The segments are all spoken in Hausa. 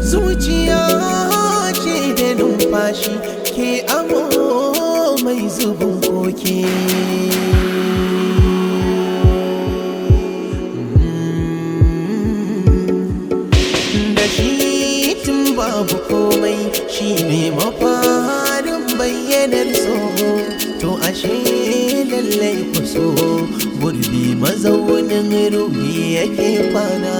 zuciya ce da numfashi ke amo mai zubin koke mm. da shi tun babu komai shi ne mafarin bayyanar tsohon gurbi mazaunin ruhi yake kwana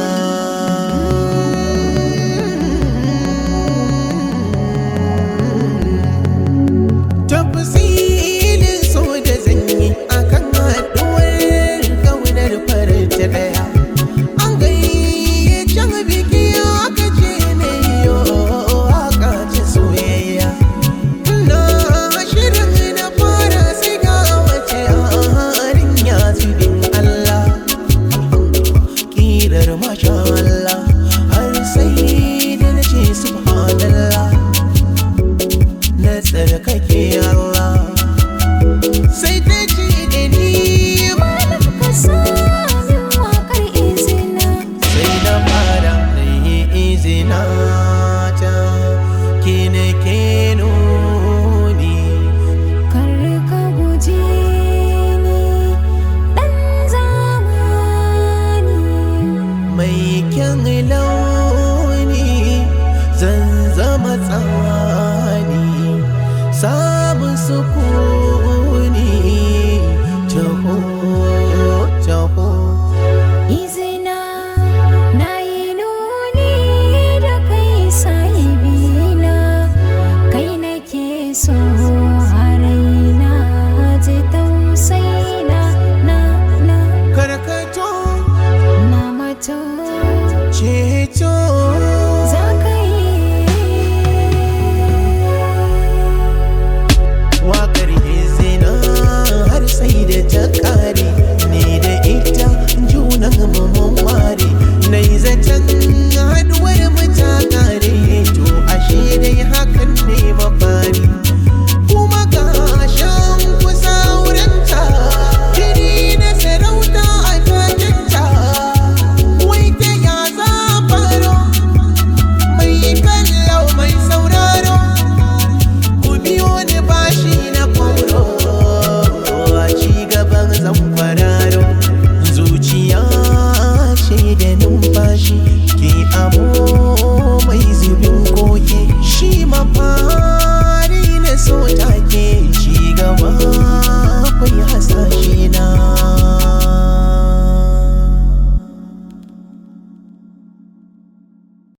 que